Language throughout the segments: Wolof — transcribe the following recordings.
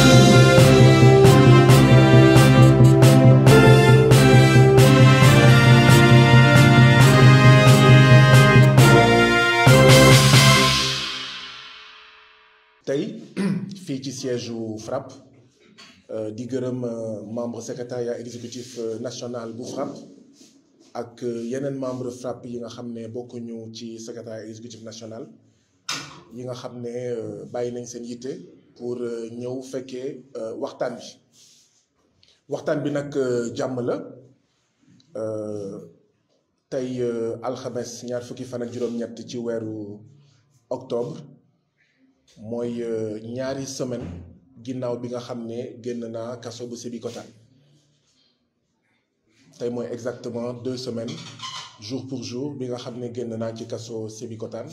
tey fii ci siège u FRAPP euh, di gërëm euh, membre secrétariat exécutif euh, national bu FRAPP ak yeneen membre FRAPP yi nga xam ne bokkuñu ci secrétariat exécutif national yi nga xam ne bàyyi nañ seen yitte pour euh, ñëw fekkee euh, waxtaan bi waxtaan bi nag euh, jàmm la tey alxames ñaar fukki fan ak juróom-ñett ci weeru octobre mooy ñaari semaine ginnaaw bi nga xam ne génn naa kaso bu Sébikotane tey mooy exactement deux semaines jour pour jour bi nga xam ne génn naa ci kaso Sébikotane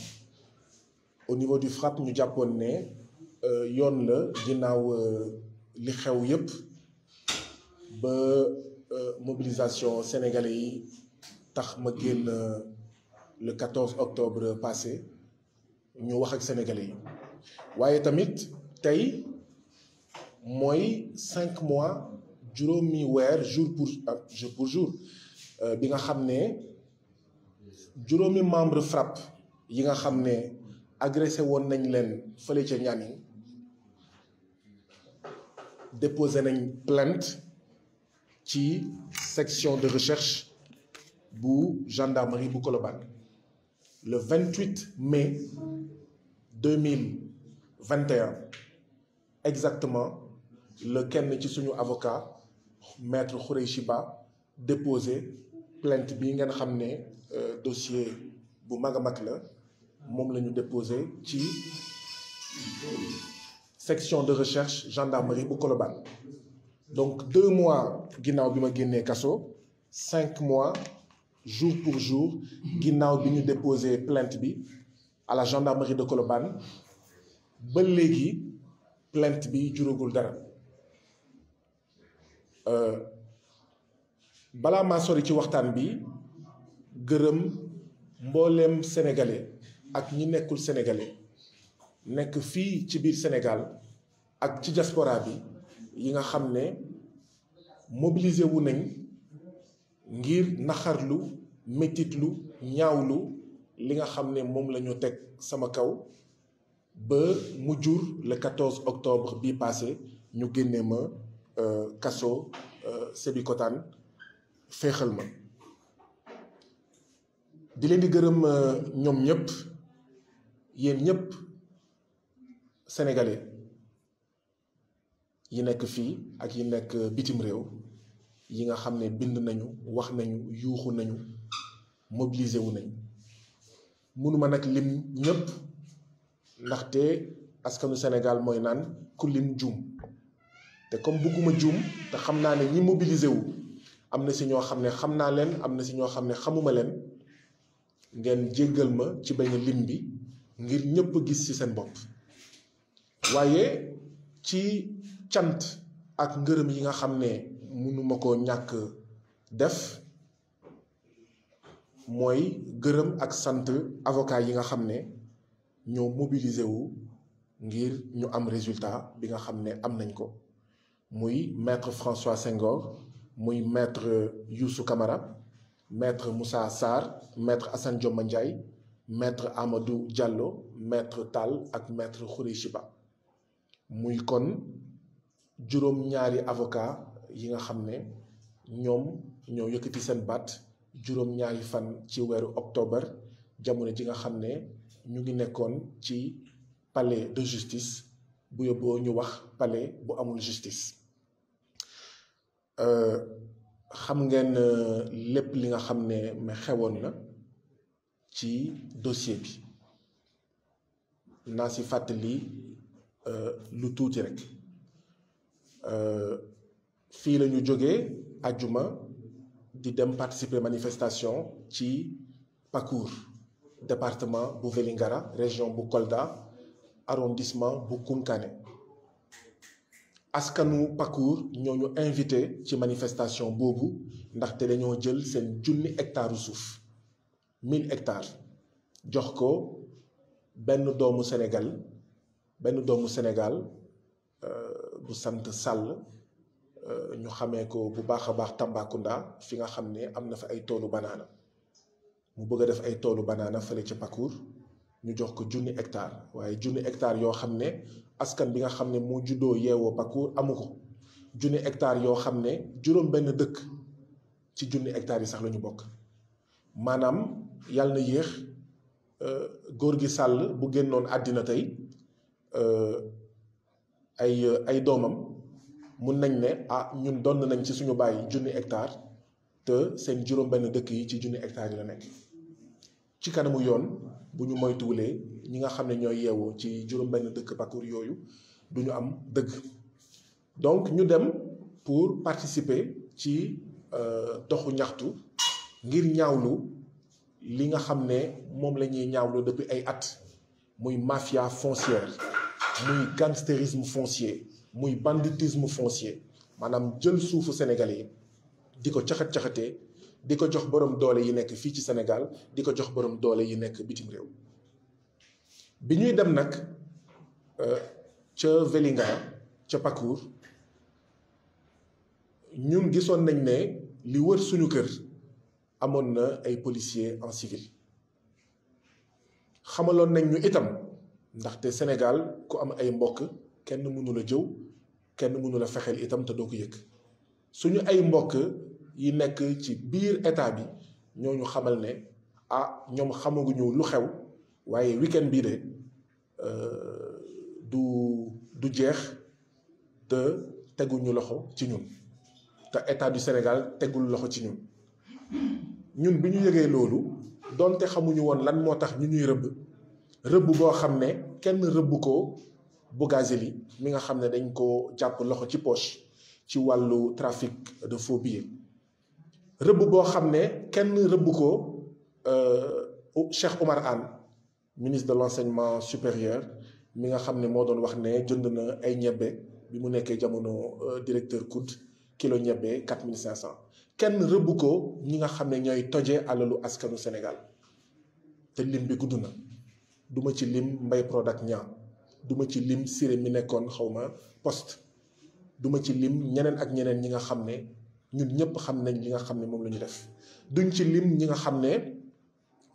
au niveau du FRAPP ñu jàppoon ne Euh, yoon la ginnaaw euh, li xew yépp ba euh, mobilisation sénégalais yi tax ma génn le 14 octobre passé ñu wax ak sénégalais yi waaye tamit tey mooy cinq mois juróomi weer jour pour jour pour jour bi nga xam ne juróomi membre FRAPP yi nga xam ne agressé woon nañ leen fële ca Nianing déposé nañ plainte ci section de recherche bu gendarmerie bu Colobane le 28 mai 2021 exactement le kenn ci suñu avocat maître Khoureyssi Ba déposé plainte bi ngeen xam ne euh, dossier bu mag a mag la moom la ñu déposé ci section de recherche gendarmerie bu Colobane donc deux mois ginnaaw bi ma génnee kaso cinq mois jour pour jour ginnaaw bi ñu déposé plainte bi à la gendarmerie de Colobane ba léegi plainte bi juragul dara euh, balaa maa sori ci waxtaan bi gërëm mbooleem sénégalais ak ñi nekkul sénégalais nekk fii ci biir Sénégal ak ci diaspora bi yi nga xam ne mobilisé wu nañ ngir naxarlu métitlu ñaawlu li nga xam ne moom la teg sama kaw ba mu jur le 14 octobre bii passé ñu génnee ma euh, kaso euh, Sébikotane féexal ma di leen di gërëm euh, ñoom ñëpp yéen ñëpp sénégalais yi nekk fii ak yi nekk bitim réew yi nga xam ne bind nañu wax nañu yuuxu nañu mobilisé wu nañu mënuma nag lim ñépp ndaxte askanu Sénégal mooy naan ku lim juum te comme bugguma juum te xam naa ne ñi mobilisé wu am na si ñoo xam ne xam naa leen am na si ñoo xam ne xamuma leen ngeen jéggal ma ci bañ a lim bi ngir ñëpp gis ci seen bopp waaye ci cant ak ngërëm yi nga xam ne mënuma koo ñàkk def mooy gërëm ak sant avocat yi nga xam ne ñoo mobilisé wu ngir ñu am résultat bi nga xam ne am nañ ko muy maître François Senghor muy maître Youssou Camara maître Moussa saar maître Assane Dioma Ndiaye maître Amadou Diallo maître Tall ak maître Khoureychi Ba muy kon juróom-ñaari avocat yi nga xam ne ñoom ñoo yëkkati seen baat juróom-ñaari fan ci weeru octobre jamono ji nga xam ne ñu ngi nekkoon ci palais de justice bu yóbboo ñu wax palais bu amul justice euh, xam ngeen euh, lépp li nga xam ne mais xewoon na ci dossier bi naa si fàttali euh, lu tuuti rek euh, fii lañu jóge jógee di dem participer manifestation ci Pacour département bu Vélingara région bu Kolda arrondissement bu Kounkané askanu Pacour ñoo ñu invité ci manifestation boobu ndaxte dañoo jël seen junni hectare suuf. mille hectares jox ko benn doomu Sénégal benn doomu Sénégal euh, bu sant Sall euh, ñu xamee ko bu baax a baax Tambacounda fi nga xam ne am na fa ay toolu banaana mu bëgg a def ay toolu banaana fële ci Pakour ñu jox ko junni hectare waaye junni hectare yoo xam ne askan bi nga xam ne moo juddoo yeewoo Pakour amu ko junni hectare yoo xam ne juróom benn dëkk ci junni hectares yi sax la ñu bokk maanaam yàlla na yéex euh, góor gi sàll bu génnoon àddina tey euh, ay euh, ay doomam mun nañ ne ah ñun donn nañ ci suñu bàyyi junni hectare te seen juróom-benn dëkk yi ci junni hectare yi la nekk ci kanamu yoon bu ñu moytuwulee ñi nga xam ne ñooy yeewoo ci juróom-benn dëkk parcours yooyu du ñu am dëgg donc ñu dem pour participer ci doxu ñaxtu ngir ñaawlu li nga xam ne moom la ñuy ñaawlu depuis ay at muy mafia foncière muy gangstérisme foncier muy banditisme foncier maanaam jël suufu sénégalais yi di ko caxat caxatee di ko jox borom doole yi nekk fii ci Sénégal di ko jox boroom doole yi nekk bitim réew bi ñuy dem nag euh, ca Vélingara ca Pakour ñu gisoon nañ ne li wër suñu kër. amoon na ay policiers en civil xamaloon nañ ñu itam ndaxte Sénégal ku am ay mbokk kenn mënu la jëw kenn mënu la fexeel itam te doo ko yëg suñu ay mbokk yi nekk ci biir état bi ñoo ñu xamal ne ah ñoom xamaguñu lu xew waaye weekend bii de euh, du du jeex te teguñu loxo ci ñun te état du Sénégal tegul loxo ci ñun. ñun bi ñu yëgee loolu donte xamuñu woon lan moo tax ñu ñuy rëbb rëbb boo xam ne kenn rëbb ko Bougazelli mi nga xam ne dañ ko jàpp loxo ci poche ci wàllu trafic de faux billets rëbb boo xam ne kenn rëbb ko euh, Cheikh Oumar Anne ministre de l'enseignement supérieur mi nga xam ne moo doon wax ne jënd na ay ñebbe bi mu nekkee jamono euh, directeur COUD kilo ñebbe quatre mille kenn rëbb ko ñi nga xam ne ñooy toje alalu askanu Sénégal te lim bi gudd na duma ci lim mbay Prodac ñaa duma ci lim Siré mi nekkoon xawma poste duma ci lim ñeneen ak ñeneen ñi nga xam ne ñun ñëpp xam nañ li nga xam ne moom la ñu def duñ ci lim ñi nga xam ne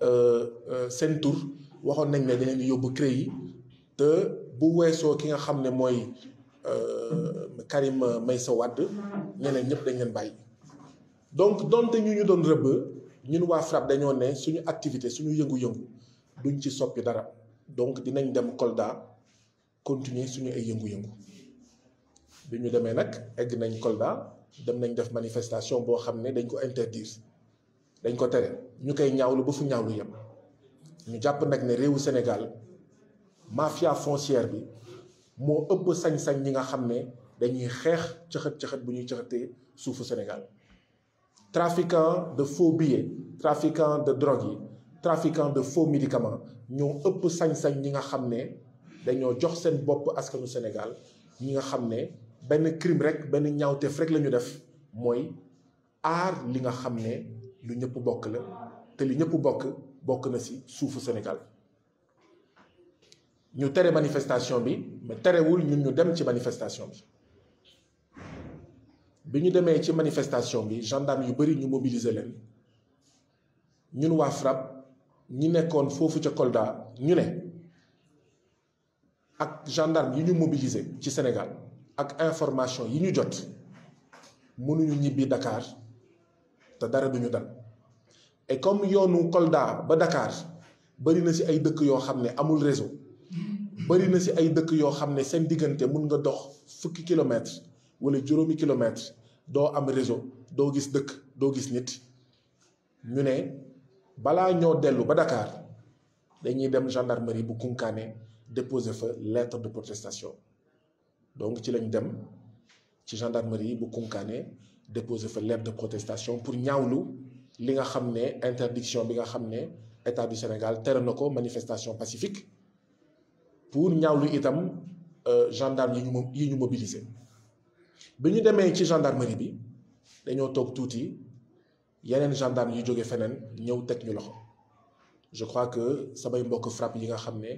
euh, euh, seen tur waxoon nañ ne dañu yóbbu CREI yi te bu weesoo ki nga xam ne mooy euh, Karim Meïssa Wade ñeneen ñëpp dañ leen bàyyi. donc donte ñu ñu doon rëbb ñun waa FRAPP dañoo ne suñu activité suñu yëngu-yëngu duñ ci soppi dara donc dinañ dem Kolda continuer suñu ay yëngu-yëngu bi ñu demee nag egg nañ Kolda dem nañ def manifestation boo xam ne dañ ko interdire dañ ko tere ñu koy ñaawlu ba fu ñaawlu yem ñu jàpp nag ne réewu Sénégal mafia foncière bi moo ëpp sañ-sañ ñi nga xam ne dañuy xeex cëxët cëxët bu ñuy cëxëtee suufu Sénégal trafiquant de faux billets trafiquant de drogue yi trafiquant de faux médicaments ñoo ëpp sañ-sañ ñi nga xam ne dañoo jox seen bopp askanu Sénégal ñi nga xam ne benn crime rek benn ñaawteef rek la ñu def mooy aar li nga xam ne lu ñëpp bokk la te li ñëpp bokk bokk na ci suufu Sénégal ñu tere manifestation bi mais terewul ñun ñu dem ci manifestation bi bi ñu demee ci manifestation bi gendarme yu bëri ñu mobiliser leen ñun waa FRAPP ñi nekkoon foofu ca Kolda ñu ne ak gendarme yi ñu mobiliser ci Sénégal ak information yi ñu jot mënuñu ñibbi Dakar te dara duñu dal et yoonu Kolda ba dakaar bëri na si ay dëkk yoo xam ne amul réseau bëri na si ay dëkk yoo xam ne seen diggante mun nga dox fukki kilomètres wala juróomi kilomètres doo am réseau doo gis dëkk doo gis nit ñu ne balaa ñoo dellu ba dakaar dañuy dem gendarmerie bu Kounkané déposer fa lettre de protestation donc ci lañu dem ci gendarmerie bu Kounkané déposer fa lettre de protestation pour ñaawlu li nga xam ne interdiction bi nga xam ne état du Sénégal tere na ko manifestation pacifique pour ñaawlu itam euh, gendarme yi ñu yi ñu mobiliser bi ñu demee ci gendarmerie bi dañoo toog tuuti yeneen gendarme yu jóge feneen ñëw teg ñu loxo je crois que samay mbokk frappe yi nga xam ne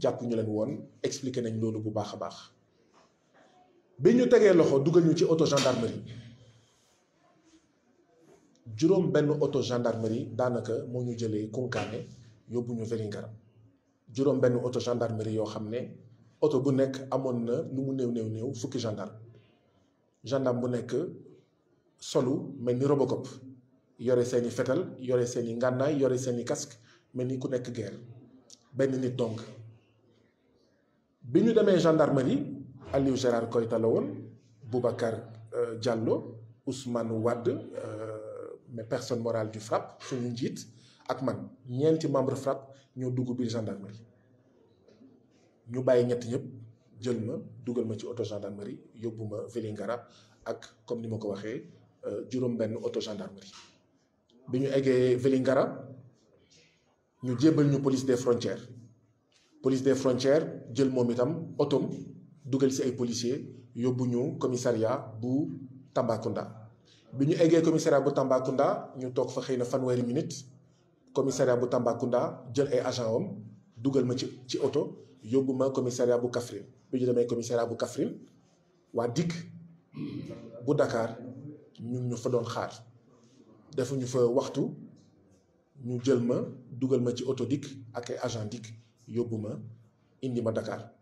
jàpp ñu leen woon expliqué nañ loolu bu baax a baax bi ñu tegee loxo dugal ñu ci auto gendarmerie juróom benn auto gendarmerie daanaka moo ñu jëlee Koungkané yóbbu ñu Vélingara juróom benn auto gendarmerie yoo xam ne auto bu nekk amoon na lu mu néew néew néew fukki gendarme gendarme bu nekk solu mel ni Robocop yore seen i fetal yore seen i ngànnaay yore seen i casque mel ni ku nekk guerre benn nit donc bi ñu demee gendarmerie Aliou Gérard Koita la woon Boubacar euh, Diallo Ousmane Wade euh, mais personne morale du FRAPP suñu njiit ak man ñeenti membre FRAPP ñoo dugg biir gendarmerie ñu bàyyi ñett ñëpp. jël ma dugal ma ci auto gendarmerie yóbbu ma Vélingara ak comme ni ma ko waxee euh, juróom-benn auto gendarmerie bi ñu eggee Vélingara ñu jébbal ñu police des frontières police des frontières jël moom itam otom dugal ci ay policier yóbbu ñu commissariat bu Tambacounda bi ñu eggee commissariat bu Tambacounda ñu toog fa xëy na fanweeri minute commissariat bu Tambacounda jël ay agent am dugal ma ci ci oto yóbbu ma commissariat bu Kaffrine bi ñu demee commissariat bu Kaffrine waa dikk bu dakaar ñu fa doon xaar defuñu fa waxtu ñu jël ma dugal ma ci auto dikk ak ay agent dikk yóbbu ma indi ma Dakar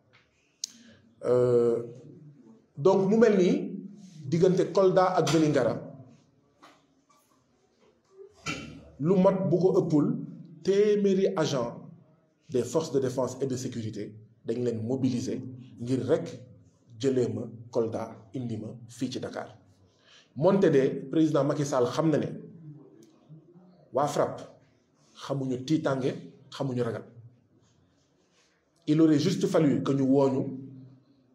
euh, donc mu mel nii diggante Kolda ak Vélingara lu mat bu ko ëppul téeméeri agent des force de défense et de sécurité dañ leen mobiliser ngir rek jëlee ma Kolda indi ma fii ci dakaar moonte de président Macky Sall xam na ne waa FRAPP xamuñu tiitange xamuñu ragal il aurait juste fallu que ñu wooñu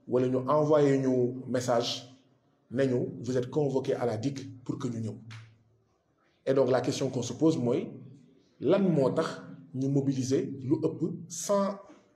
wala ñu envoyé ñu message nañu vous êtes convoqué à la DIC pour que ñu ñëw et donc la question qu'on se mooy lan moo tax ñu mobilise lu ëpp cent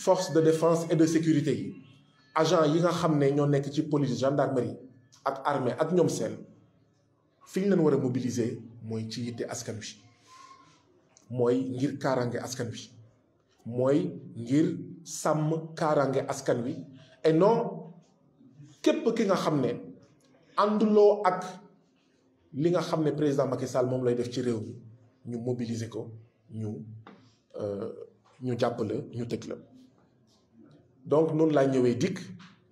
force de défense et de sécurité yi agent yi nga xam ne ñoo nekk ci police gendarmerie ak armée ak ñoom seen fi ñu leen war a mobiliser mooy ci yitte askan wi mooy ngir kaarange askan wi mooy ngir sàmm kaaraange askan wi et no képp ki nga xam ne ànduloo ak li nga xam ne président Macky Sall moom lay def ci réew mi ñu mobiliser ko ñu euh, ñu jàpp la ñu tëj la donc noonu laa ñëwee dikk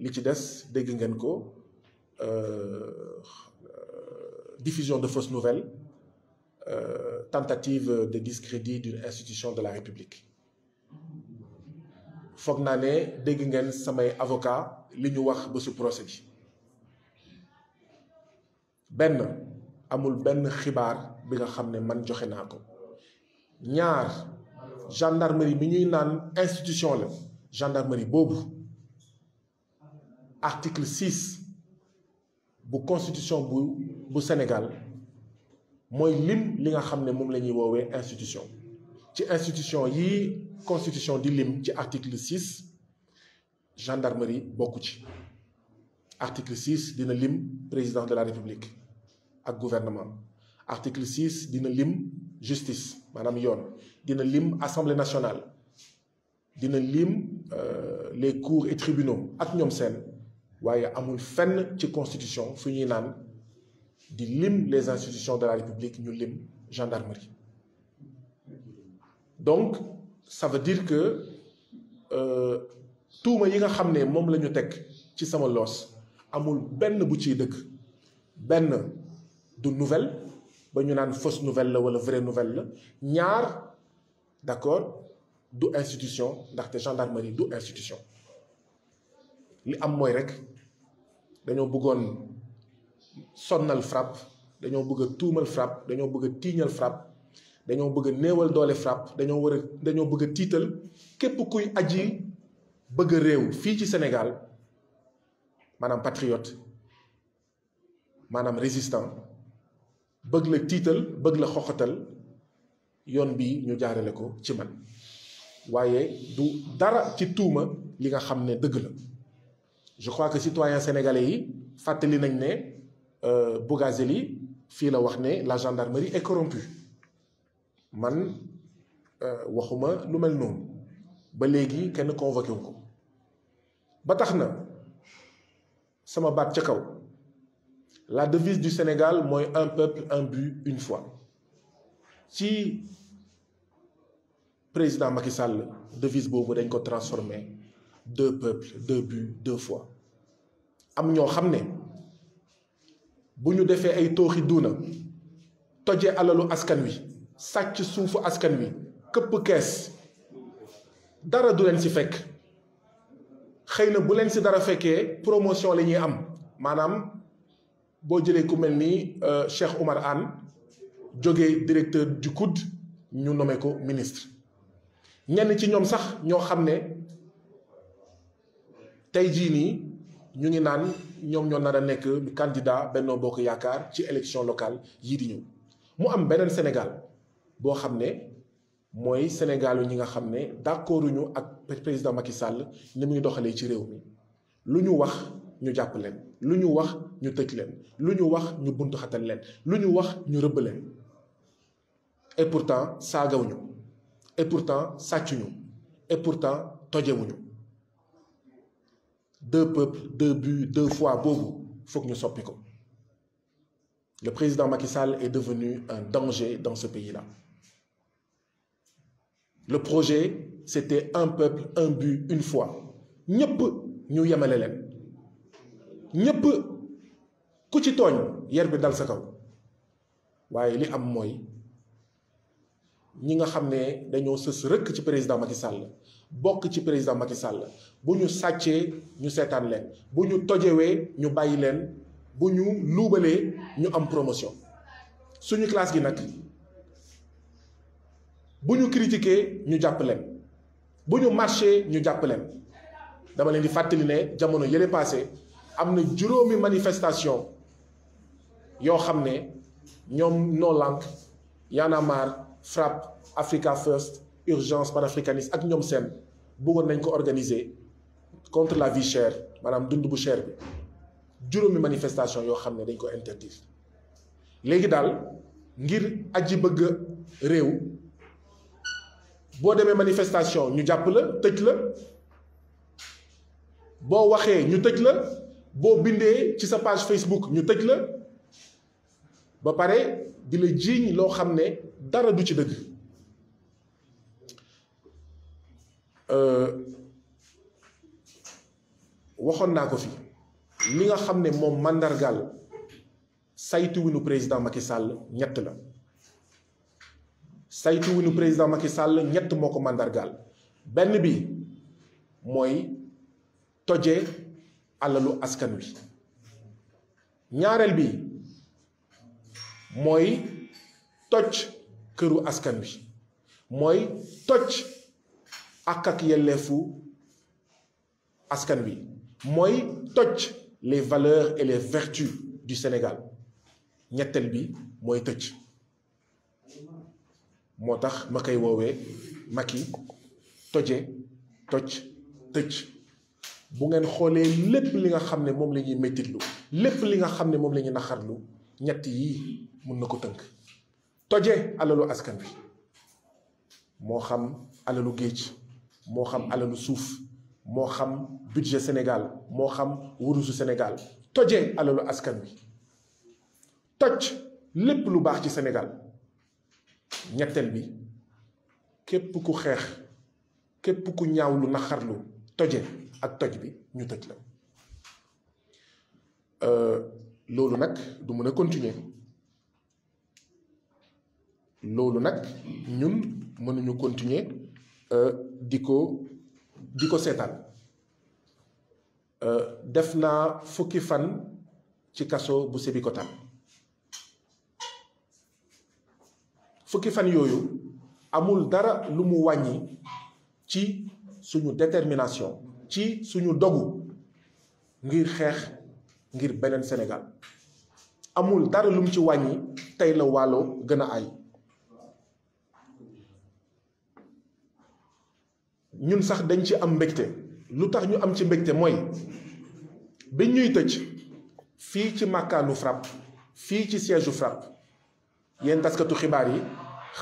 li ci des dégg ngeen ko euh, diffusion de fausses nouvelles euh, tentative de discrédit d'une institution de la République foog naa ne dégg ngeen samay avocat li ñu wax ba su procès benn amul benn xibaar bi nga xam ne man joxe naa ko ñaar gendarmerie bi ñuy naan institution la gendarmerie boobu article six bu constitution bu Sénégal mooy lim li nga xam ne moom la ñuy woowee institution ci institution yi constitution di lim ci article six gendarmerie bokku ci article six dina lim président de la république ak gouvernement article six dina lim justice maanaam yoon dina lim assemblée nationale dina lim Euh, les cours et tribunaux ak ñoom seen waaye amul fenn ci constitution fu ñuy naan di lim les institutions de la république ñu lim gendarmerie donc ça veut dire que euh, tuuma yi nga xam ne moom la ñu teg ci sama loos amul benn bu ciy dëkk benn du nouvelle ba ñu naan fausse nouvelle la wala vraie nouvelle la ñaar d'accord du institution ndaxte gendarmerie du institution li am mooy rek dañoo bëggoon sonnal FRAPP dañoo bëgg a tuumal FRAPP dañoo bëgg a tiiñal FRAPP dañoo bëgg a néewal doole FRAPP dañoo war a dañoo bëgg tiital képp kuy aji bëgg a réew fii ci senegal maanaam patriote maanaam résistant bëgg la tiital bëgg la xoxatal yoon bi ñu jaarale ko ci man waaye du dara ci tuuma li nga xam ne dëgg la je crois que citoyens sénégalais yi fàttali nañ ne euh, Bougazelli fii la wax ne la gendarmerie est corrompue man euh, waxuma lu mel noonu ba léegi kenn convoqué ko ba tax na sama baat ca kaw la devise du Sénégal mooy un peuple un but une foi ci président Macky Sall devise boobu dañ ko transformé deux peuples deux buts am ñoo xam ne bu ñu defee ay tooxi duuna toje alalu askan wi sàcc suufu askan wi këpp kees dara du leen ci fekk xëy na bu leen ci dara fekkee promotion la ñuy am maanaam boo jëlee ku mel ni euh, Cheikh Oumar Anne jóge directeur di COUD ñu nome ko ministre ñenn ci ñoom sax ñoo xam ne tey jii nii ñu ngi naan ñoom ñoo nar a nekk candidat Benno Bokk Yaakaar ci élection locale yii di ñëw mu am beneen Sénégal boo xam ne mooy Sénégal ñi nga xam ne d'accorduñu ak président Macky sàll ni muy doxalee ci réew mi lu ñu wax ñu jàpp leen lu ñu wax ñu tëj leen lu ñu wax ñu buntu xatal leen lu ñu wax ñu rëbb leen et pourtant saagawuñu et pourtant sàccuñu et pourtant tojewuñu deux peuples deux buts deux fois boobu foog ñu soppi ko le président Macky Sall est devenu un danger dans ce pays-là le projet c'était un peuple un but une fois ñëpp ñu yemale leen ñëpp ku ci tooñ yer bi dal sa kaw waaye li am mooy ñi nga xam ne dañoo sës rëkk ci président Macky Sall bokk ci président Macky Sall bu ñu sàccee ñu seetaan leen bu ñu tojewee ñu bàyyi leen bu ñu luubalee ñu am promotion suñu classe gi nag bu ñu critiquer ñu jàpp leen bu ñu marché ñu jàpp leen dama leen di fàttali ne jamono yële passé am na juróomi manifestation yoo xam ne ñoom noo lànk yaana FRAPP Africa First urgence panafricaniste ak ñoom seen bëggoon nañ ko organiser contre la vie chère maanaam dund bu cher bi juróomi manifestation yoo xam ne dañ ko interdire léegi daal ngir aji bëgg réew boo demee manifestation ñu jàpp la tëj la boo waxee ñu tëj la boo bindee ci sa page Facebook ñu tëj la ba pare di la jiiñ loo xam ne dara du ci dëgg euh, waxoon naa ko fi li nga xam ne moom màndargaal saytuwinu président Macky Sall ñett la saytuwinu président Macky Sall ñett moo ko màndargaal benn bi mooy toje alalu askan wi ñaareel bi mooy toj këru askan wi mooy toj ak ak yelleefu askan wi mooy toj les valeurs et les vertus du Sénégal ñetteel bi mooy tëj moo tax ma koy woowee Macky toje toj tëj bu ngeen xoolee lépp li nga xam ne moom la ñuy lépp li nga xam ne moom lañuy ñuy ñett yii mun na ko tënk toje alalu askan bi moo xam alalu géej moo xam alalu suuf moo xam budget Sénégal moo xam wurusu Sénégal toje alalu askan bi toj lépp lu baax ci Sénégal ñetteel bi képp ku xeex képp ku ñaaw lu naxarlu toje ak toj bi ñu toj la euh, loolu nag du mën a continuer loolu nag ñun mënuñu continuer euh, di ko di ko seetaan euh, def naa fukki fan ci kaso bu Sébikotane fukki fan yooyu amul dara lu mu wàññi ci suñu détermination ci suñu dogu ngir xeex ngir beneen Sénégal amul dara lu mu ci wàññi tey la waalo gën a ay ñun sax dañ ci am mbégte lu tax ñu am ci mbégte mooy bi ñuy tëj fii ci màkkaanu FRAPP fii ci siège u FRAPP yéen taskatu xibaar yi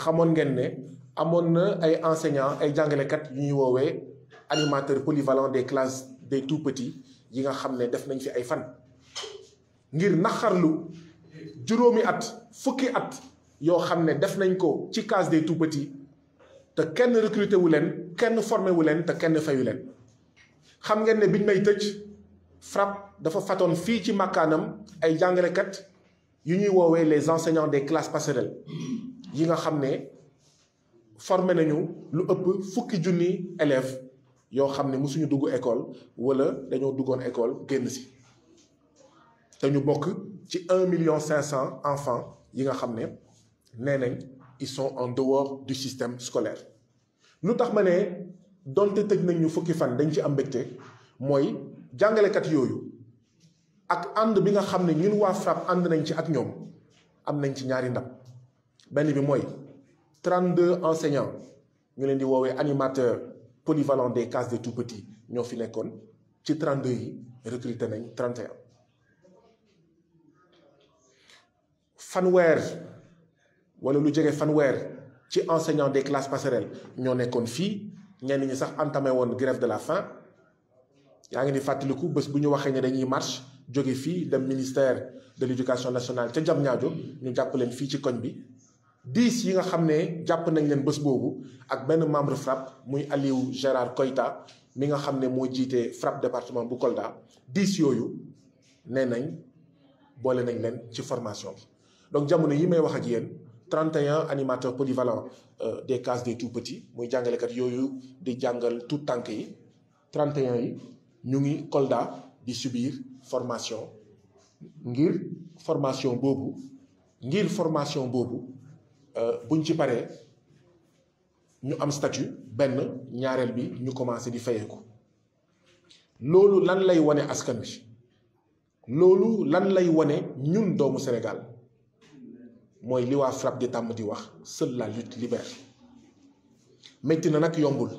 xamoon ngeen ne amoon na ay enseignants ay jàngalekat yu ñuy woowee animateur polyvalent des classes des tout petits yi nga xam ne def nañ fi ay fan ngir naxarlu juróomi at fukki at yoo xam ne def nañ ko ci case de tout petits te kenn recruté wu leen kenn formé wu leen te kenn fayu leen xam ngeen ne biñ may tëj FRAPP dafa fatoon fii ci makkaanam ay jàngalekat yu ñuy woowee les enseignants des classes passerelles yi nga xam ne formé nañu lu ëpp fukki junni élèves yoo xam ne mosuñu dugg école wala dañoo duggoon école génn si te ñu bokk ci un million cinq cent enfants yi nga xam ne nee ils sont en dehors du système scolaire lu tax ma ne donte tëj nañ ñu fukki fan dañ ci am mbégte mooy jàngalekat yooyu ak ànd bi nga xam ne ñun waa FRAPP ànd nañ ci ak ñoom am nañ ci ñaari ndam benn bi mooy 32 enseignants ñu leen di woowee animateur polyvalent des cases des tout-petits ñoo fi nekkoon ci 32 yi recruté nañ 31 fanweer. wala lu jege fanweer ci enseignants des classes passerelles ñoo nekkoon fii ñenn ñi sax entamé woon grève de la faim yaa ngi ni fàttaliku bés bu ñu waxee ne dañuy marche jóge fii dem ministère de l'éducation nationale ca Diamniadio ñu jàpp leen fii ci koñ bi dix yi nga xam ne jàpp nañ leen bés boobu ak benn membre FRAPP muy Aliou Gérard Koïta mi nga xam ne moo jiite FRAPP département bu Kolda dix yooyu nee nañ boole nañ leen ci formation bi donc jamono yi may wax ak yéen. 31 animateur polyvalents euh, des cases des tout petits muy jàngalekat yooyu di jàngal tout tànk yi 31 yi ñu ngi Kolda di subir formation ngir formation boobu ngir formation boobu euh, buñ ci paree ñu am statut benn ñaareel bi ñu commencé di fayeeku loolu lan lay wane askan wi loolu lan lay wane ñun doomu Sénégal mooy li waa FRAPP di tàmm di wax seule la lutte libère métti na nag yombul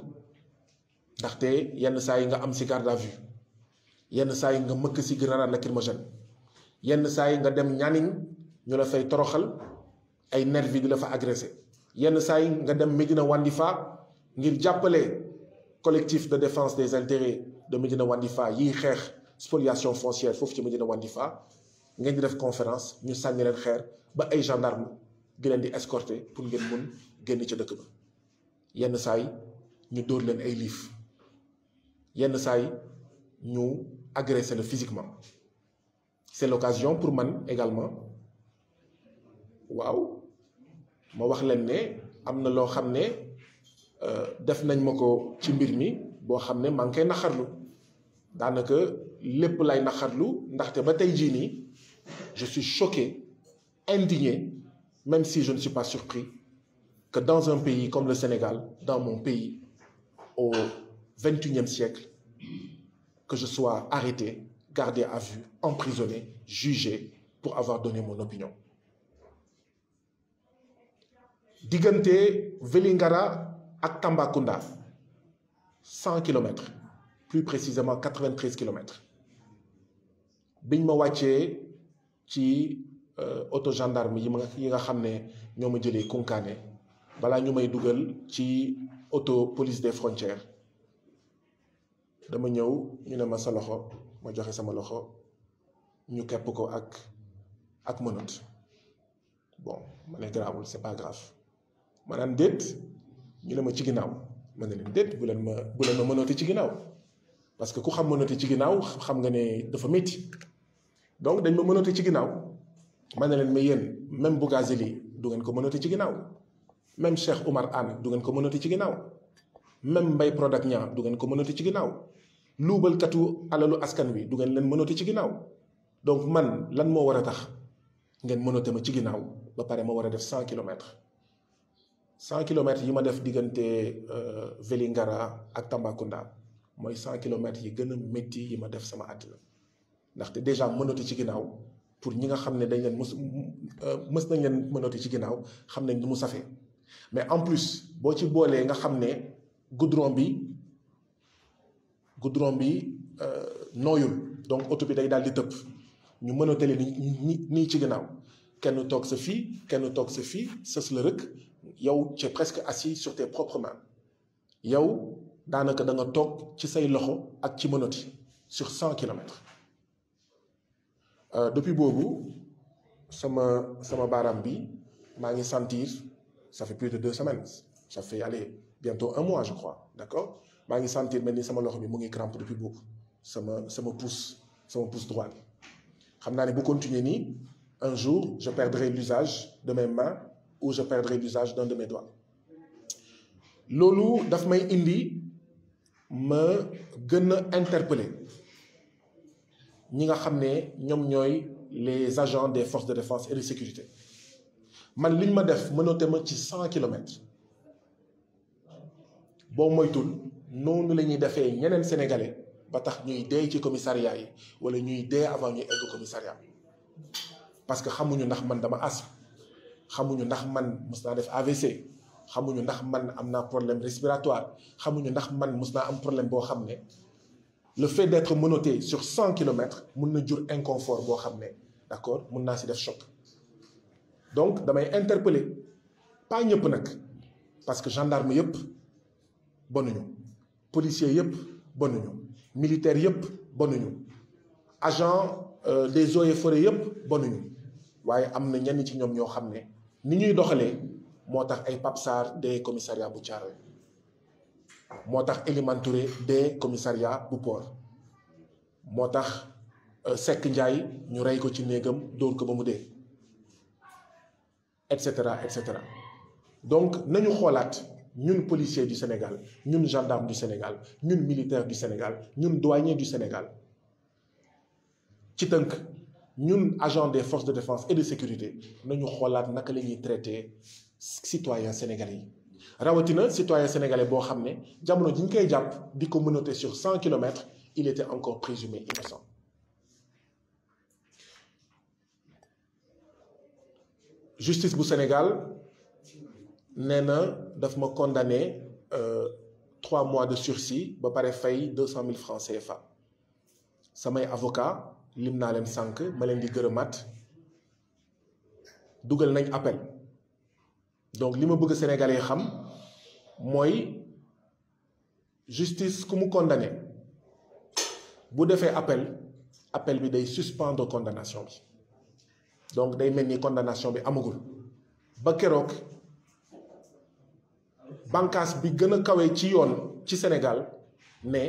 ndaxte yenn saa yi nga am si garde à vue yenn saa yi nga mëkk si grenade lacrymogène yenn saa yi nga dem ñaaniñ ñu la fay toroxal ay nervi di la fa agressé yenn saa yi nga dem Médina Wandifa ngir jàppale collectif de défense des intérêts de Médina Wandifa yiy xeex spoliation foncière foofu ci Médina Wandifa ngeen di def conférence ñu sànni leen xeer ba ay gendarme di di escorter pour ngeen mun génn ca dëkk ba yenn saa yi ñu dóor leen ay liif yenn saa yi ñu agressé la physiquement c'est l'occasion pour man également waaw ma wax leen ne am na loo xam ne euh, def nañ ma ko ci mbir mi boo xam ne maa ngi koy naxarlu daanaka lépp lay naxarlu ndaxte ba tey jii nii Je suis choqué, indigné, même si je ne suis pas surpris, que dans un pays comme le Sénégal, dans mon pays, au XXIe siècle, que je sois arrêté, gardé à vue, emprisonné, jugé pour avoir donné mon opinion. diggante Vélingara ak Tambacounda cent kilomètres plus précisément quatre vingt kilomètres biñ ci euh, auto gendarme yi nga xam ne ñoo ma jëlee Koungkané balaa ñu may dugal ci auto police des frontières dama ñëw ñu ne ma sa loxo ma joxe sama loxo ñu kepp ko ak ak mënut bon ma ne garaawul c'est pas grave ma naan déet ñu ne ma ci ginnaaw ma ne leen déet bu leen ma bu leen ma mënooti ci ginnaaw parce que ku xam mënooti ci ginnaaw xam nga ne dafa metti donc dañ ma mënoote ci ginnaaw ma ne leen mais yéen même Bougazeli du ngeen ko mënoote ci ginnaaw même Cheikh Oumar Anne du ngeen ko mënoote ci ginnaaw même Mbaye Prodac Niang du ngeen ko mënoote ci ginnaaw luubalkatu alalu askan wi du ngeen leen mënoote ci ginnaaw donc man lan moo war a tax ngeen mënoote ma ci ginnaaw ba pare ma war a def cent kilomètres cent kilomètres yi ma def diggante euh, Vélingara ak Tambacounda mooy cent kilomètres yi gën a métti yi ma def sama àddina ndaxte déjà mënatu ci ginnaaw pour ñi nga xam ne dañ leen mës euh, mës nañ leen mënatu ci ginnaaw xam nañ du mu safee mais en plus boo ci boolee nga xam ne goudron bi goudron bi euh, nooyul donc oto bi day daal di tëpp ñu mënatale ni nii ci ginnaaw kenn toog sa fii kenn toog sa fii sës la rëkk yow tu presque assis sur tes propres mains yow daanaka da nga toog ci say loxo ak ci mënati sur cent kilomètres Euh, depuis boobu sama sama baaraam bi maa ngi sentir ça fait plus de deux semaines ça fait allez bientôt un mois je crois d'accord maa ngi sentir mel ni sama loxo bi mu ngi crampe depuis boobu sama sama pouce sama pouce droit xam naa ne bu continuer nii un jour je perdrai l'usage de mes mains ou je perdrai l'usage d'un de mes doigts loolu daf may indi ma gën a interpeller ñi nga xam ne ñoom ñooy les agents des forces de défense et de sécurité man liñ ma def mënoote ma ci cent kilomètres boo moytul noonu la ñuy defee ñeneen sénégalais ba tax ñuy dee ci commissariat yi wala ñuy dee avant ñuy egg commissariat parce que xamuñu ndax man dama as xamuñu ndax man mus naa def AVC xamuñu ndax man am naa problème respiratoire xamuñu ndax man mus naa am problème boo xam ne le fait d'être menotté sur cent kilomètres mun na jur inconfort boo xam ne d'accord mun naa si def choc donc damay interpeller pas ñëpp nag parce que gendarme yëpp bonuñu policier yëpp bonuñu militaire yëpp bonuñu agent euh, des eaux et forêts yëpp bonuñu waaye am na ñenn ci ñoom ñoo xam ne ni ñuy doxalee moo tax ay Pape de des commissariat bu Thiaroye moo tax Elimane Touré dee commissariat bu port moo tax euh, Seck Ndiaye ñu rey ko ci néegam dóor ko ba mu dee et cetera et cetera donc nañu xoolaat ñun policier du Sénégal ñun gendarme du Sénégal ñun militaire du Sénégal ñun douanier du Sénégal ci tënk ñun agent de forces de défense et de sécurité nañu xoolaat naka la traité citoyen sénégal yi rawatina citoyen sénégalais boo xam ne jamono ji ñu koy jàpp di ko menotté sur cent kilomètres il était encore présumé justice bu Sénégal nee na daf ma condamné euh, trois mois de sursis ba pare fay deux cent mille francs CFA samay avocat lim naa leen sànq ma leen di gërëmaat dugal nañ appel donc li ma bëgg Sénégalais xam mooy justice ku mu condamné bu defee appel appel bi day suspendre condamnation bi donc day mel ni condamnation bi amagul ba keroog bànqaas bi gën a kawee ci yoon ci Sénégal ne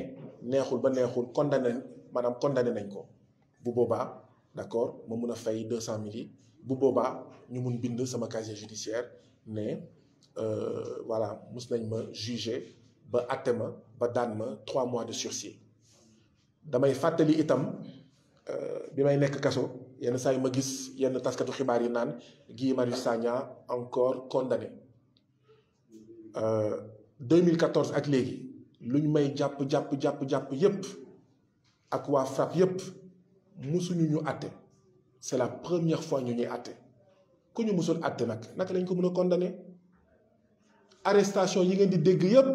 neexul ba neexul condamné maanaam condamné nañ ko bu boobaa d'accord ma mun a fay deux cent mille bu boobaa ñu mun bind sama casier judiciaire ne Euh, voilà mus nañ ma juger ba àtte ma ba daan ma trois mois de sursis damay fàttali itam euh, bi may nekk kaso yenn saa yi ma gis yenn taskatu xibaar yi naan Guy Marius Sagna encore condamné 2014 euh, ak léegi lu ñu may jàpp jàpp jàpp jàpp yépp ak waa FRAPP yépp musuñu ñu àtte c'est la première fois ñu ñuy àtte ku ñu musul àtte nag naka lañ ko mën a condamné arrestation yi ngeen di dégg yépp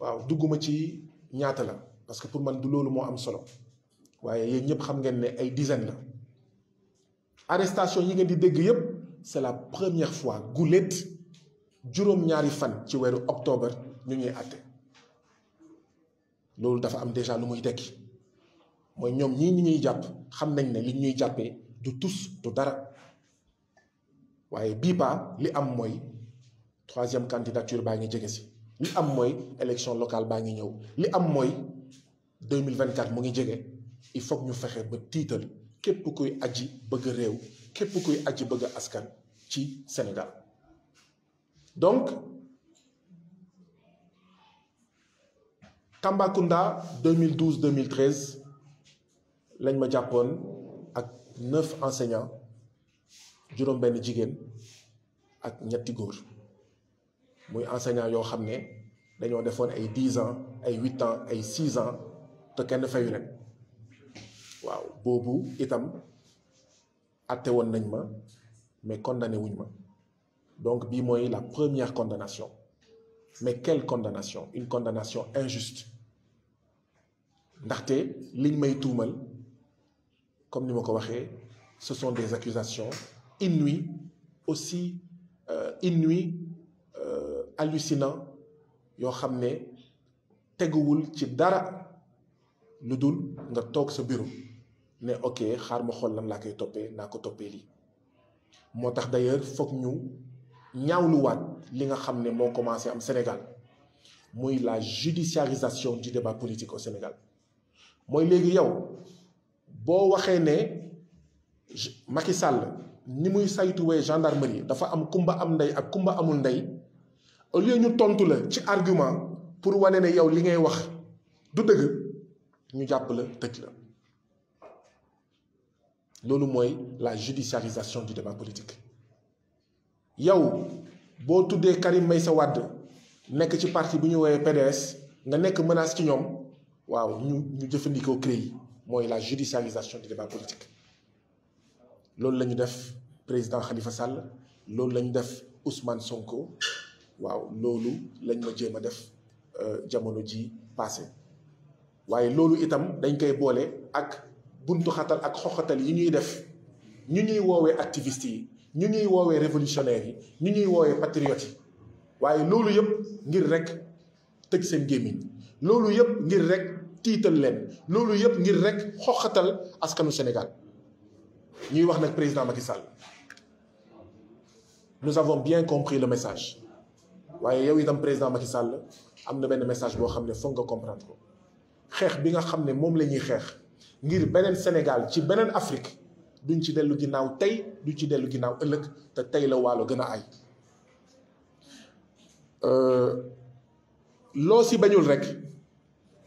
waaw dugguma ci ñaata la parce que pour man du loolu moo am solo waaye yooyu ñëpp xam ngeen ne ay dizaine la arrestation yi ngeen di dégg yépp c'est la première fois guléet juróom-ñaari fan ci weeru octobre ñu ñuy àtte loolu dafa am déjà lu muy tekki mooy ñoom ñi ñi ñuy jàpp xam nañ ne li ñuy jàppee du tus du dara waaye bii li am mooy troisième candidature baa ngi jege si li am mooy élection locale baa ngi ñëw li am mooy 2024 mu ngi jege il foog ñu fexe ba tiital képp kuy aji bëgg réew képp kuy aji bëgg askan ci Sénégal donc Tambacounda 2012 2013 lañ ma jàppoon ak neuf enseignants juróom-benn jigéen ak ñetti góor. muy enseignant yoo xam ne dañoo defoon ay dix ans ay huit ans ay six ans te kenn fayu leen waaw boobu itam atte woon nañ ma mais condamné wuñ ma donc bii mooy la première condamnation mais quelle condamnation une condamnation injuste ndaxte liñ may tuumal comme ni ma ko waxee ce sont des accusations inouïes aussi euh, inouïes hallucinant yoo xam ne teguwul ci dara lu dul nga toog sa bureau ne ok xaar ma xool lan laa koy toppee naa ko toppee lii moo tax d'ailleurs foog ñu ñaawluwaat li nga xam ne moo commencé am Sénégal muy la judiciarisation di débat politique au Sénégal mooy léegi yow boo waxee ne Macky Sall ni muy saytuwee gendarmerie dafa am kumba am ndey ak kumba amul ndey au lieu ñu tontu la ci argument pour wane ne yow li ngay wax du dëgg ñu jàpp la tëj la loolu mooy la judiciarisation du débat politique yow boo tuddee Karim Meïssa Wade nekk ci parti bu ñu woowee PDS nga nekk menace ci ñoom waaw ñu ñu jëfandikoo CREI mooy la judiciarisation du débat politique loolu la ñu def président Khalifa Sall loolu lañu def Ousmane Sonko waaw loolu lañ ma jéem a def euh, jamono ji passé waaye loolu itam dañ koy boole ak buntu xatal ak xoxatal yi ñuy def ñu ñuy woowee activistes yi ñu ñuy woowee révolutionnaires yi ñu ñuy woowee patriot yi waaye loolu yëpp ngir rek tëj seen gémmiñ loolu yëpp ngir rek tiital leen loolu yëpp ngir rek xoxatal askanu Sénégal ñuy wax nag président Macky Sall nous avons bien compris le message waaye yow itam président Macky Sall am na benn message boo xam ne foog nga comprendre ko xeex bi nga xam ne moom la ñuy xeex ngir beneen Sénégal ci beneen Afrique duñ ci dellu ginnaaw tey duñ ci dellu ginnaaw ëllëg te tey la waalo gën a ay. Euh, loo si bañul rek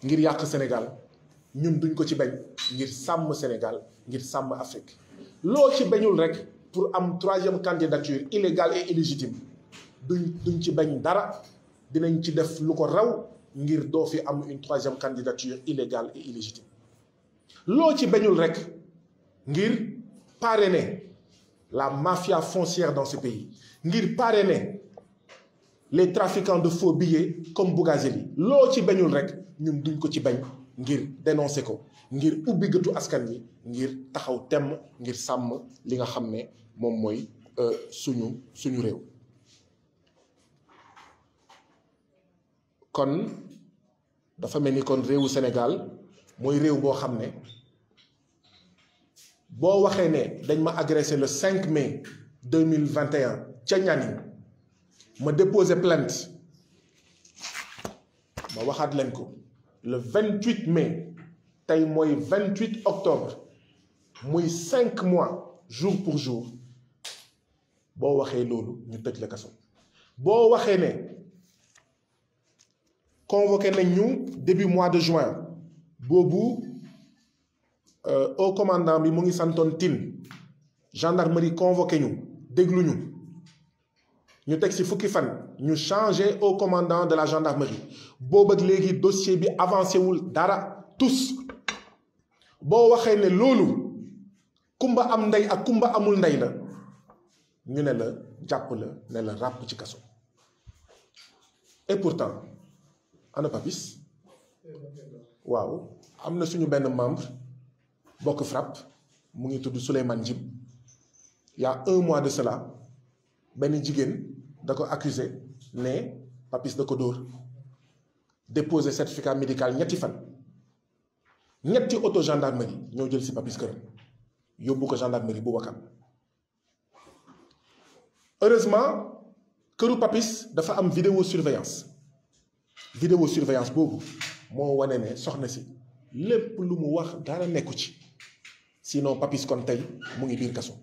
ngir yàq Sénégal ñun duñ ko ci bañ ngir sàmm Sénégal ngir sàmm Afrique loo ci bañul rek pour am troisième candidature illégale et illégitime. duñ duñ ci bañ dara dinañ ci def lu ko raw ngir doo fi am une troisième candidature illégale et illégitime loo ci bañul rek ngir parrainer la mafia foncière dans ce pays ngir parrainer les trafiquants de foo billets comme Bougazeli loo ci bañul rek ñun duñ ko ci bañ ngir dénoncer ko ngir ubbi gëtu askan wi ngir taxaw temm ngir sàmm li nga xam ne moom mooy euh, suñu suñu réew kon dafa mel ni kon réewu Sénégal mooy réew boo xam ne boo waxee ne dañ ma agressé le 5 mai 2021 ca Niani ma déposé plainte ma waxaat leen ko le 28 mai tey mooy 28 octobre muy 5 mois jour pour jour boo waxee loolu ñu tëj la kaso boo waxee ne. convoqué nañ ñu début mois de juin boobu haut euh, commandant bi mu ngi santoon Tine gendarmerie convoqué ñu déglu ñu ñu teg ci fukki fan ñu changé haut commandant de la gendarmerie boobu ak léegi dossier bi avancé wul dara tous boo waxee ne loolu kumba am ndey ak kumba amul ndey la ñu ne la jàpp la ne la ràpp ci kaso et pourtant ana Papis na suñu benn membre bokk FRAPP mu ngi tudd Souleymane Djib y mois de cela benn jigéen da ko accusé ne Papis da ko dóor déposé certificat médical ñetti fan ñetti auto gendarmerie ñoo jël si Papis këram yóbbu ko gendarmerie bu Wakam heureusement këru Papis dafa am vidéo surveillance vidéo surveillance boobu moo wane ne soxna si lépp lu mu wax dara nekku ci sinon papis kon tey mu ngi biir kaso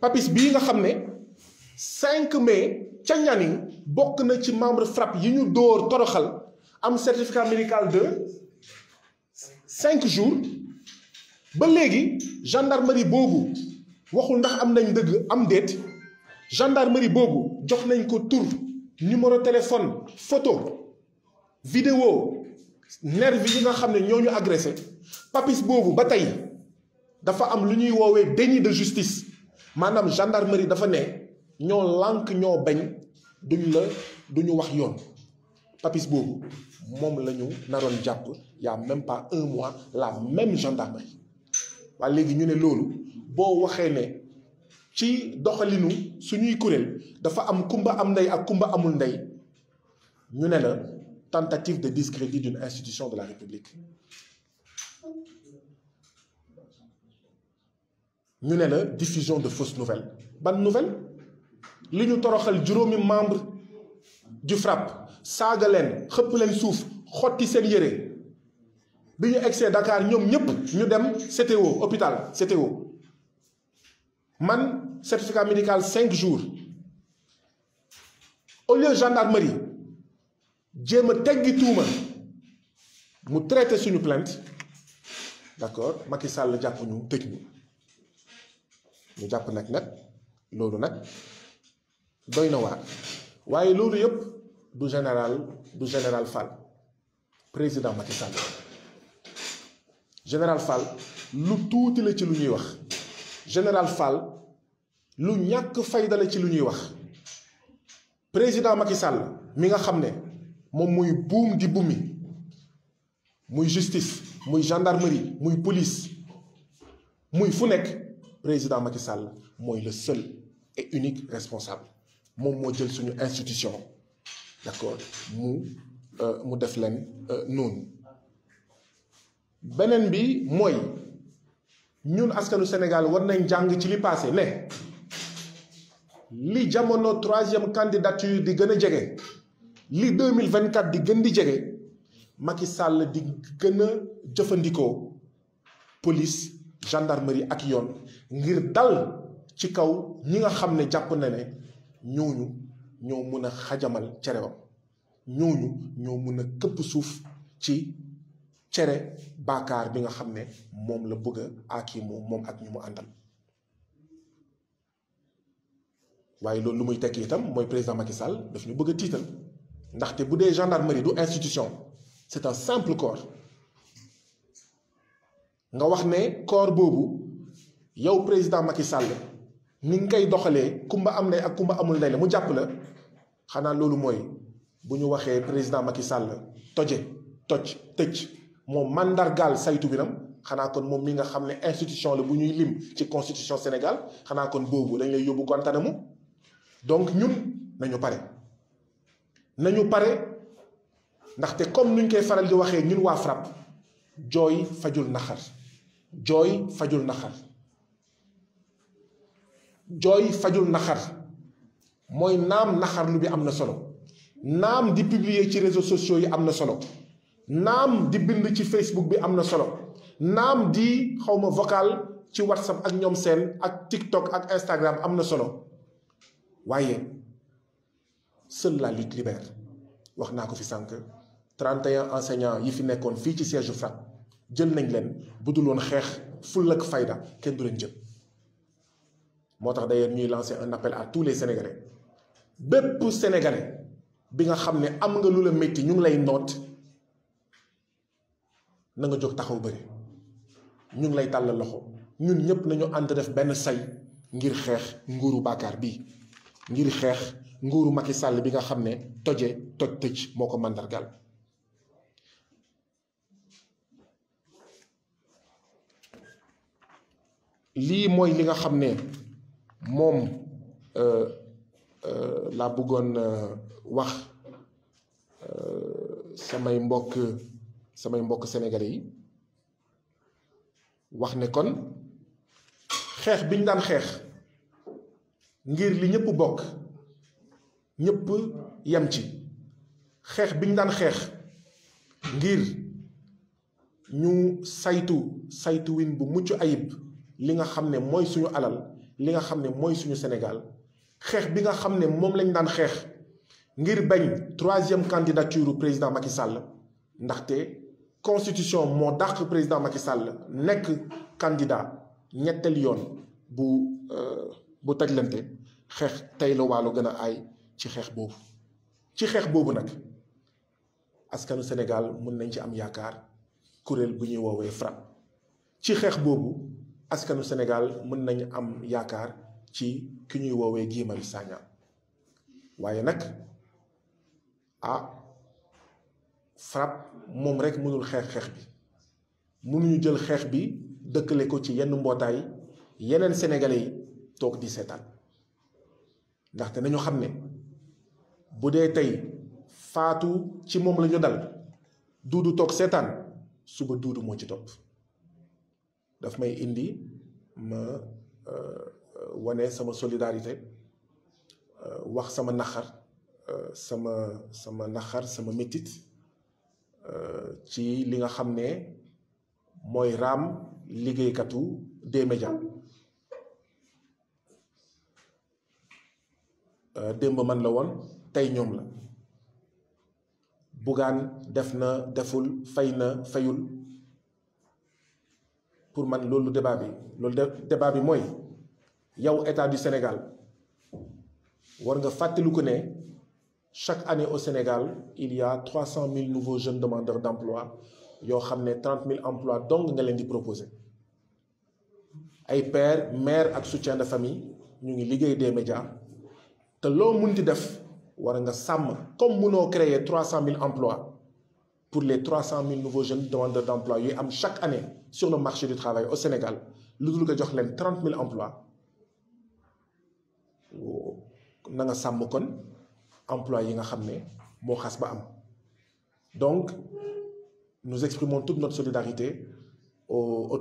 papis bii nga xam ne 5 mai ca ñanin bokk na ci membre FRAPP yi ñu dóor toroxal am certificat médical de cinq jours ba léegi gendarmerie boobu waxul ndax am nañ dëgg am déet gendarmerie boobu jox nañ ko tur numéro téléphone photo vidéo nervi yi nga xam ne ñoo ñu agressé papis boobu ba tey dafa am lu ñuy woowee déni de justice maanaam gendarmerie dafa ne ñoo lànk ñoo bañ duñ la duñu wax yoon papis boobu moom la ñu naroon jàpp y a même pas un mois la même gendarmerie waaye léegi ñu ne loolu boo waxee ne ci doxalinu suñuy kuréel dafa am kumba am ndey ak kumba amul ndey ñu ne la tentative de discrédit d'une institution de la République ñu ne la diffusion de fausses nouvelle ban nouvelle li ñu toroxal juróomi membre du FRAPP saaga leen xëpp leen suuf xotti seen yére bi ñu egsee Dakar ñoom ñëpp ñu dem CTO hôpital CTO man certificat médical cinq jours au lieu gendarmerie jéem a teggi tuuma mu traité suñu plainte d'accord Macky sàll jàpp ñu tëj ñu jàpp nag nag loolu nag doy na waar waaye loolu yëpp du général du général Fall président Macky Sall général Fall lu tuuti la ci lu ñuy wax général Fall. lu ñàkk faydale ci lu ñuy wax président Macky Sall mi nga xam ne moom muy buum di bumi muy justice muy gendarmerie muy police muy fu nekk président Macky Sall mooy le seul et unique responsable moom moo jël suñu institution d'accord mu euh, mu def leen euh, noonu beneen bi mooy ñun askanu Sénégal war nañ jàng ci li passé ne li jamono troisième candidature di gën a jege li deux mille vingt quatre di gën di jege Macky Sall di gën a jëfandikoo police gendarmerie ak yoon ngir dal ci kaw ñi nga xam ne jàpp na ne ñooñu ñoo mun a xajamal cere cerewam ñooñu ñoo mun a këpp suuf ci cere baakaar bi nga xam ne moom la bëgg a aakimu moom ak ñu mu àndal. waaye loolu lu muy tekki itam mooy président Macky Sall daf ñu bëgg a tiital ndaxte bu dee gendarmerie du institution c'est un simple corps nga wax ne corps boobu yow président Macky Sall ni nga koy doxalee kumba am ndey ak kumba amul ndey la mu jàpp la xanaa loolu mooy bu ñu waxee président Macky Sall toje toj tëj moom mandargaal saytu biram xanaa kon moom mi nga xam ne institution la bu ñuy lim ci constitution Sénégal xanaa kon boobu dañ lay yóbbu Guantanamo donc ñun nañu pare nañu pare ndaxte comme nuñ koy faral di waxee ñun waa FRAPP jooy fajul naxar jooy fajul naxar jooy fajul naxar mooy naam naxar bi am na solo naam di publier ci réseau sociaux yi am na solo naam di bind ci Facebook bi am na solo naam di xawma vocal ci WhatsApp ak ñoom seen ak TikTok ak Instagram am na solo waaye sël la lutte libère wax naa ko fi sànq 31 enseignants yi fi nekkoon fii ci siège FRAPP jël nañ leen bu dul woon xeex ful ak fayda kenn du leen jël moo tax d'ailleurs ñuy lancer un appel à tous les sénégalais bépp sénégalais bi nga xam ne am nga lu la métti ñu ngi lay noot na nga jóg taxaw bari ñu ngi lay tàllal loxo ñun ñëpp nañu ànd def benn say ngir xeex nguuru bàkkaar bii. ngir xeex nguuru Macky sàll bi nga xam ne toje toj tëj moo ko màndargal lii mooy li nga xam ne moom euh, euh, laa bëggoon euh, wax samay mbokk samay mbokk sénégalais yi wax ne kon xeex bi ñu daan xeex ngir li ñëpp bokk ñëpp yem ci xeex bi ñu daan xeex ngir ñu saytu saytu win bu mucc ayib li nga xam ne mooy suñu alal li nga xam ne mooy suñu Sénégal xeex bi nga xam ne moom lañ daan xeex ngir bañ troisième candidature président Macky Sall ndaxte constitution moo dàq président Macky Sall nekk candidat ñetteel yoon bu euh, bu tajlante xeex tey la waalo gën a ay ci xeex boobu ci xeex boobu nag askanu Sénégal mën nañ ci am yaakaar kuréel bu ñuy woowee FRAPP ci xeex boobu askanu senegal mën nañ am yaakaar ci ki ñuy woowee Guy Marius Sagna waaye nag ah, a FRAPP moom rek mënul xeex xeex bi mu mënuñu jël xeex bi dëkkale ko ci yenn mbootaay yeneen sénégalais yi toog di seetaan ndaxte nañu xam ne bu dee tey faatu ci moom la ñu dal duudu toog seetaan suba duudu moo ci topp daf may indi ma euh, wane sama solidarité euh, wax sama naxar euh, sama sama naxar sama métit ci li nga xam ne mooy raam liggéeykatu des médias Euh, démb man la woon tey ñoom la Bougane def na deful fay na fayul pour man loolu débat bi loolu débat bi mooy yow état du Sénégal war nga fàttali ko ne chaque année au Sénégal il y a trois cent mille nouveaux jeunes demandeurs d'emploi yoo xam ne trente mille emplois donc nga leen di proposer ay père mère ak soutien de famille ñu ngi liggéey des médias te loo munti def war nga sàmm comme munoo créer trois cent mille emplois pour les trois cent mille nouveaux jeunes demandeurs d' emploi yuy am chaque année sur le marché du travail au Sénégal lu dul nga jox leen trente mille emplois na nga sàmm kon emploi yi nga xam ne moo xas ba am donc nous exprimons toute notre solidarité aux, aux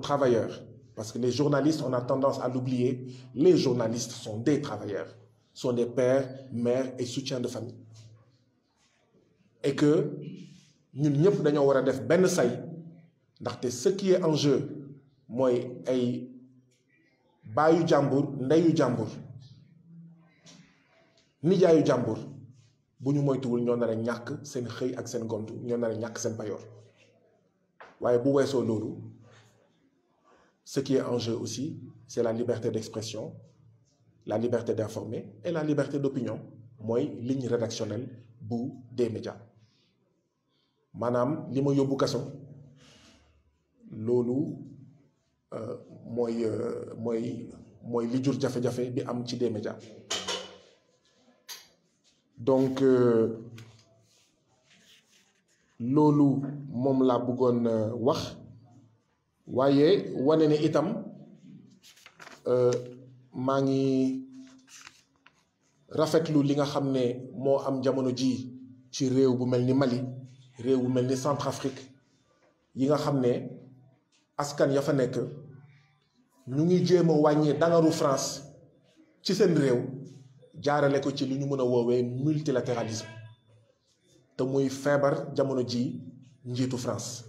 parce que les journalistes on a tendance à l'oublier les journalistes sont des travailleurs sont des pères, mères et soutiens de famille et que ñun ñëpp dañoo war a def benn say ndaxte ce qui mooy ay baayu jàmbur ndeyu jàmbur nijaayu jàmbur bu ñu moytuwul ñoo nar a ñàkk seen xëy ak seen gont ñoo na a ñàkk seen payoor waaye bu weesoo loolu ce qui est en jeu aussi c'est la liberté d'expression la liberté d'informer et la liberté d'opinion mooy ligne rédactionnelle bu des maanaam li ma yóbbu kaso loolu euh, mooy euh, mooy mooy li jur jafe-jafe bi am ci des médias donc euh, loolu moom laa bëggoon wax waaye wane ne itam. maa ngi rafetlu li nga xam ne moo am jamono ji ci réew bu mel ni Mali réew bu mel ni Centrafrique yi nga xam ne askan ya fa nekk ñu ngi jéem a wàññi dangaru France ci seen réew jaarale ko ci li ñu mën a woowee multilatéralisme te muy feebar jamono ji njiitu France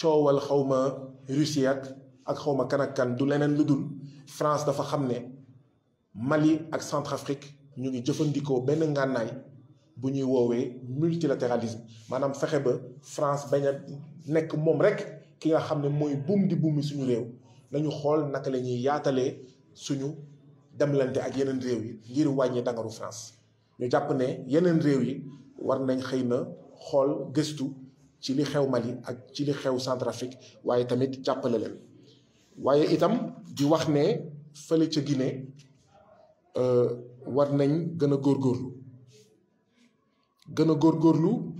coowal xawma Russie ak ak xawma kan du leneen lu dul France dafa xam ne Mali ak Centrafrique ñu ngi jëfandikoo benn ngànnaay bu ñuy woowee multilatéralisme maanaam fexe ba France bañ a nekk moom rek ki nga xam ne mooy buum di buumi suñu réew nañu xool naka la ñuy yaatalee suñu demlante ak yeneen réew yi ngir wàññi dangaru France ñu jàpp ne yeneen réew yi war nañ xëy na xool gëstu ci li xew Mali ak ci li xew Centrafrique waaye tamit jàppale leen waaye itam di wax ne fële ca Guinée euh, war nañ gën a góorgóorlu gën a góorlu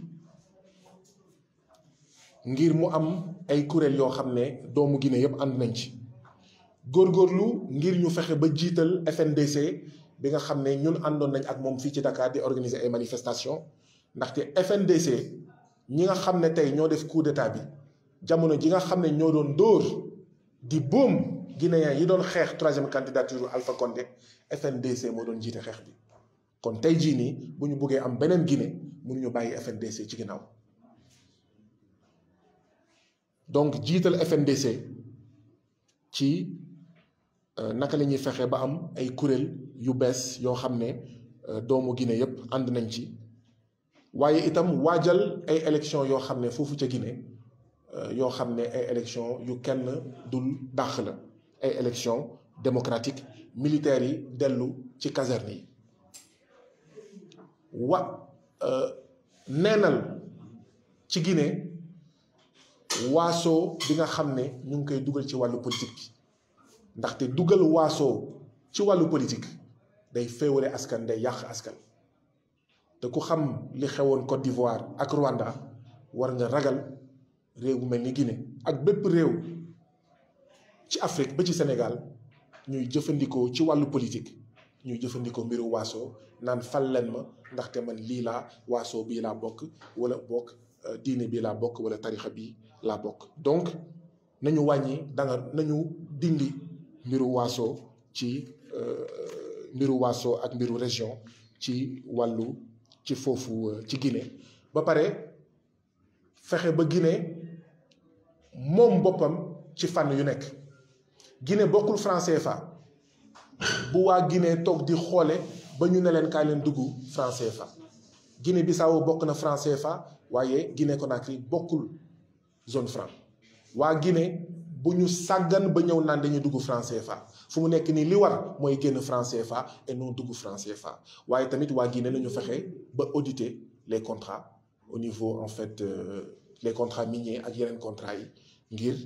ngir mu am ay kuréel yoo xam ne doomu Guinée yëpp ànd nañ ci góor góorlu ngir ñu fexe ba jiital FNDC bi nga xam ne ñun àndoon nañ ak moom fii ci Dakar di organiser ay manifestation ndaxte FNDC ñi nga xam ne tey ñoo def coup d'état bi jamono ji nga xam ne ñoo doon dóor. di boom guinéen yi doon xeex troisième candidature Alpha Condé FNDC moo doon jiite xeex bi kon tey jii nii bu ñu buggee am beneen Guinée mënuñu bàyyi FNDC ci ginnaaw donc jiital FNDC ci euh, naka la ñuy fexe ba am ay kuréel yu bees yoo xam ne euh, doomu Guinée yépp ànd nañ ci waaye itam waajal ay élections yoo xam ne foofu ca Guinée Euh, yoo xam ne ay élections yu kenn dul dàq la ay élections démocratiques militaires yi dellu ci caserne yi wa euh, neenal ci Guinée waasoo bi nga xam ne ñu ngi koy dugal ci wàllu politique bi ndaxte dugal waasoo ci wàllu politique day féewale askan day yàq askan te ku xam li xewoon Côte d'Ivoire ak Rwanda war nga ragal réew mu mel ni Guinée ak bépp réew ci Afrique ba ci Sénégal ñuy jëfandikoo ci wàllu politique ñuy jëfandikoo mbiru waaso naan fal leen ma ndaxte man lii laa waaso bii laa bokk wala bokk euh, diine bii laa bokk wala tarixa bi laa bokk donc nañu wàññi danga nañu dindi mbiru waaso ci euh, mbiru waaso ak mbiru région ci wàllu ci foofu euh, ci Guinée ba pare fexe ba Guinée moom boppam ci fànn yu nekk gine bokkul franc fa bu waa ginee toog di xoole ba ñu ne leen kaay leen dugg franc CFA Guinée Bissau bokk na franc CFA waaye Guinée Conakry bokkul zone franc waa Guinée bu ñu sàggan ba ñëw naan dañuy dugg franc CFA fu mu nekk nii li war mooy génn francais fa et non dugg franc fa waaye tamit waa Guinée la ñu fexe ba auditer les contrats au niveau en fait euh, les contrats miniers ak yeneen contrats yi ngir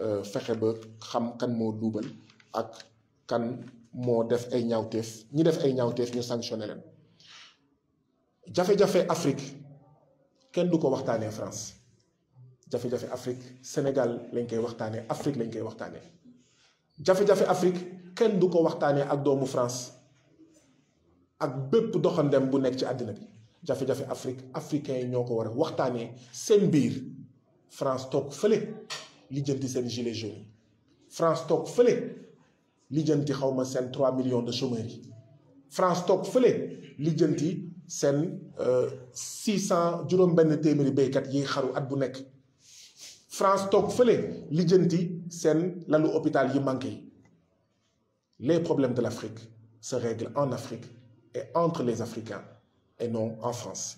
euh, fexe ba xam kan moo luubal ak kan moo def ay ñaawteef ñi def ay ñaawteef ñu sanctionné leen jafe-jafe Afrique kenn du ko waxtaanee France jafe-jafe Sénégal lañ koy waxtaanee Afrique lañ koy waxtaanee jafe-jafe Afrique kenn du ko waxtaanee ak doomu France ak bépp doxandem bu nekk ci àddina bi jafe-jafe Afrique africain yi ñoo ko war a waxtaanee seen biir France toog fële. lijjanti seen gilet jaune France toog fële lijjanti xaw ma seen 3 millions de chômeurs yi France toog fële lijjanti seen 600 euh, juróom-benn téeméeri béykat yi xaru at bu nekk France toog fële lijjanti seen lalu hôpital yi manqué yi les problèmes de l'Afrique se règlent en Afrique et entre les Africains et non en France.